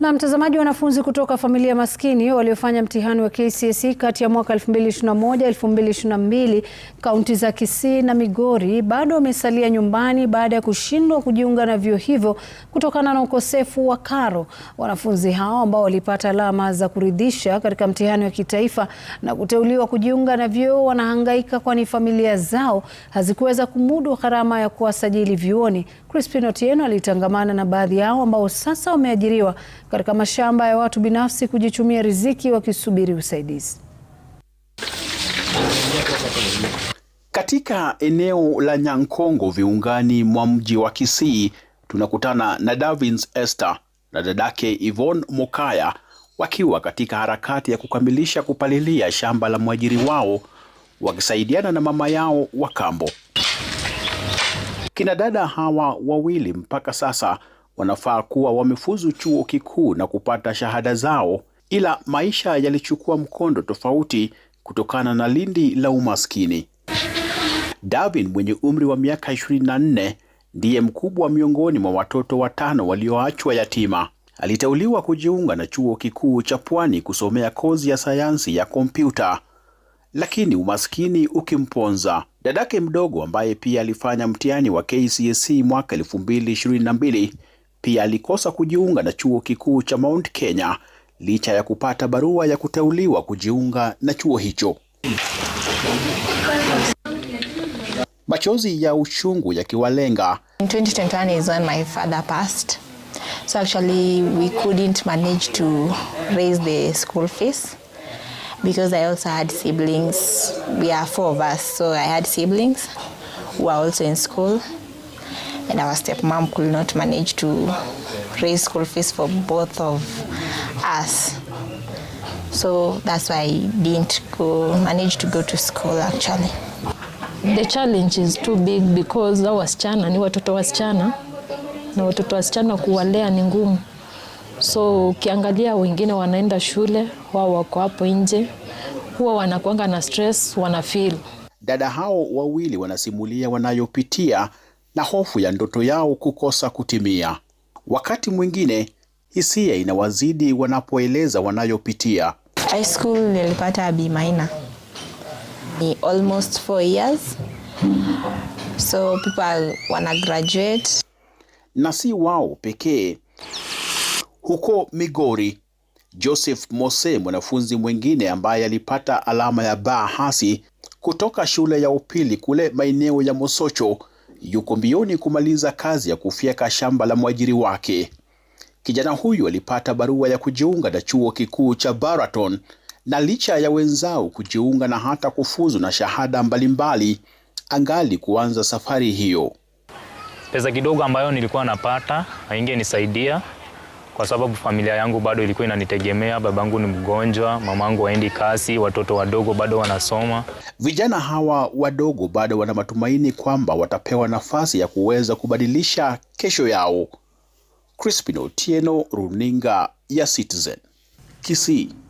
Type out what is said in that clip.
Na mtazamaji, wanafunzi kutoka familia maskini waliofanya mtihani wa KCSE kati ya mwaka 2021 2022 kaunti za Kisii na Migori bado wamesalia nyumbani baada ya kushindwa kujiunga na vyuo hivyo kutokana na ukosefu wa karo. Wanafunzi hao ambao walipata alama za kuridhisha katika mtihani wa kitaifa na kuteuliwa kujiunga na vyuo wanahangaika kwani familia zao hazikuweza kumudu gharama ya kuwasajili vyuoni. Crispin Otieno alitangamana na baadhi yao ambao sasa wameajiriwa katika mashamba ya watu binafsi kujichumia riziki wakisubiri usaidizi. Katika eneo la Nyankongo viungani mwa mji wa Kisii tunakutana na Davins Esther na dadake Yvonne Mokaya wakiwa katika harakati ya kukamilisha kupalilia shamba la mwajiri wao wakisaidiana na mama yao wa kambo. Kina dada hawa wawili mpaka sasa wanafaa kuwa wamefuzu chuo kikuu na kupata shahada zao, ila maisha yalichukua mkondo tofauti kutokana na lindi la umaskini. Davin mwenye umri wa miaka 24 ndiye mkubwa miongoni mwa watoto watano walioachwa yatima. Aliteuliwa kujiunga na chuo kikuu cha Pwani kusomea kozi ya sayansi ya kompyuta, lakini umaskini ukimponza. Dadake mdogo ambaye pia alifanya mtihani wa KCSE mwaka 2022 pia alikosa kujiunga na chuo kikuu cha Mount Kenya licha ya kupata barua ya kuteuliwa kujiunga na chuo hicho. Machozi ya uchungu yakiwalenga So actually we couldn't manage to raise the school fees because I also had siblings. We are four of us, so I had siblings who are also in school and our stepmom could not manage to raise school fees for both of us. So that's why I didn't go, manage to go to school actually. The challenge is too big because I hao wasichana ni watoto wasichana na watoto wasichana kuwalea ni ngumu. So ukiangalia wengine wanaenda shule, wao wako hapo nje, huwa wanakuanga na stress, wanafeel. Dada hao wawili wanasimulia wanayopitia na hofu ya ndoto yao kukosa kutimia. Wakati mwingine hisia inawazidi wanapoeleza wanayopitia. High school nilipata B minor. Ni almost four years. So people wana graduate. Na si wao pekee. Huko Migori, Joseph Mose, mwanafunzi mwingine ambaye alipata alama ya baa hasi kutoka shule ya upili kule maeneo ya Mosocho yuko mbioni kumaliza kazi ya kufyeka shamba la mwajiri wake. Kijana huyu alipata barua ya kujiunga na chuo kikuu cha Baraton, na licha ya wenzao kujiunga na hata kufuzu na shahada mbalimbali, angali kuanza safari hiyo. Pesa kidogo ambayo nilikuwa napata haingenisaidia kwa sababu familia yangu bado ilikuwa inanitegemea. Babangu ni mgonjwa, mamangu waendi kasi, watoto wadogo bado wanasoma. Vijana hawa wadogo bado wana matumaini kwamba watapewa nafasi ya kuweza kubadilisha kesho yao. Crispin Otieno, runinga ya Citizen, Kisii.